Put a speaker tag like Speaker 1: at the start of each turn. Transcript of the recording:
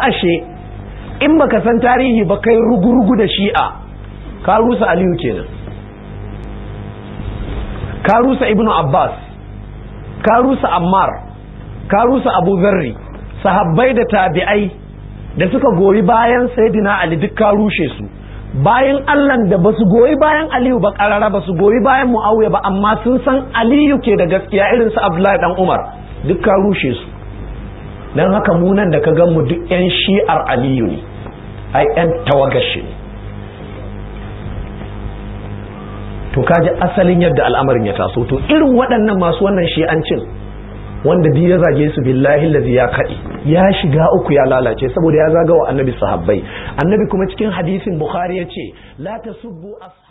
Speaker 1: ashe in baka san tarihi ba kai rugurugu da shi'a ka rusa aliyu kenan ka rusa ibnu abbas ka rusa ammar ka rusa abu zarri sahabbai da tabi'ai da suka goyi bayan saidina ali duk ka rushe su bayan allan da ba su goyi bayan aliyu ba karara su goyi bayan muawiya ba amma sun san aliyu ke da gaskiya irin su abdullahi dan umar duk ka rushe su don haka munan da ka gan mu duk 'yan shi'ar aliyu ne ai 'yan tawagashi ne to kaji asalin yadda al'amarin ya taso to irin waɗannan masu wannan shi'ancin wanda biyu ya zage su billahi lazi ya kaɗi ya shiga uku ya lalace saboda ya zaga wa annabi sahabbai annabi kuma cikin hadisin bukhari ya ce
Speaker 2: la
Speaker 3: tasubbu